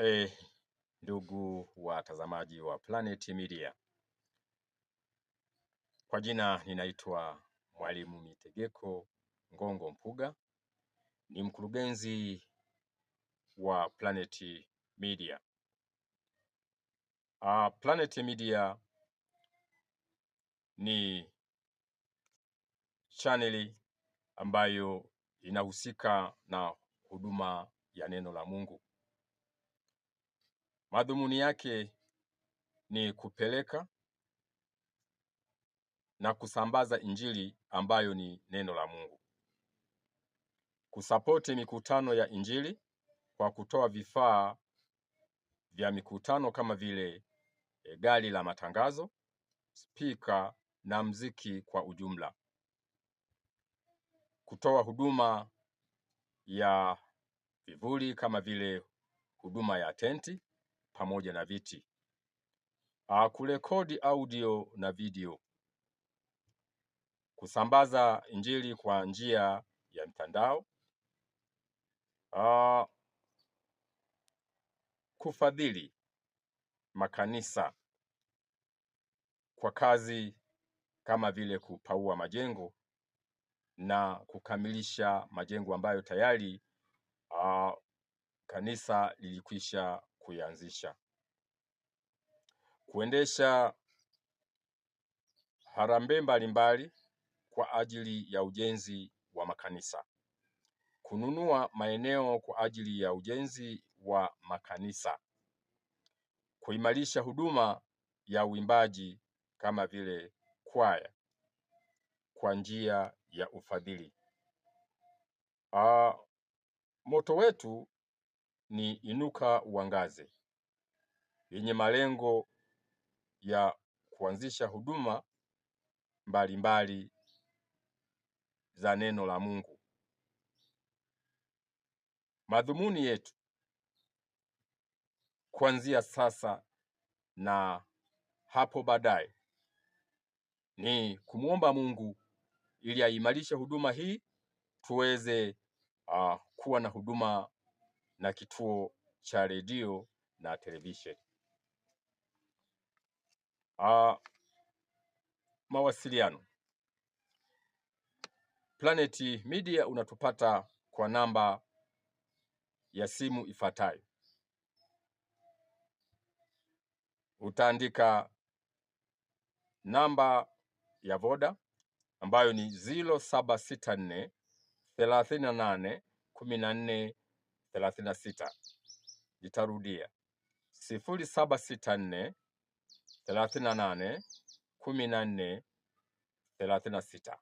Eh, ndugu watazamaji wa Planet Media. Kwa jina ninaitwa Mwalimu Mitegeko Ngongo Mpuga, ni mkurugenzi wa Planet Media. Uh, Planet Media ni chaneli ambayo inahusika na huduma ya neno la Mungu Madhumuni yake ni kupeleka na kusambaza Injili ambayo ni neno la Mungu, kusapoti mikutano ya Injili kwa kutoa vifaa vya mikutano kama vile e, gari la matangazo, spika na mziki kwa ujumla, kutoa huduma ya vivuli kama vile huduma ya tenti pamoja na viti. Ah, kurekodi audio na video, kusambaza injili kwa njia ya mtandao, ah, kufadhili makanisa kwa kazi kama vile kupaua majengo na kukamilisha majengo ambayo tayari uh, kanisa lilikwisha kuianzisha. Kuendesha harambee mbalimbali kwa ajili ya ujenzi wa makanisa. Kununua maeneo kwa ajili ya ujenzi wa makanisa. Kuimarisha huduma ya uimbaji kama vile kwaya kwa njia ya ufadhili. Uh, moto wetu ni Inuka Uangaze yenye malengo ya kuanzisha huduma mbalimbali za neno la Mungu. Madhumuni yetu kuanzia sasa na hapo baadaye ni kumwomba Mungu ili aimarishe huduma hii tuweze uh, kuwa na huduma na kituo cha redio na televisheni. Ah, mawasiliano. Planet Media unatupata kwa namba ya simu ifuatayo. Utaandika namba ya Voda ambayo ni 0764 38 14 thelathini na sita. Nitarudia, sifuri saba sita nne thelathini na nane kumi na nne thelathini na sita.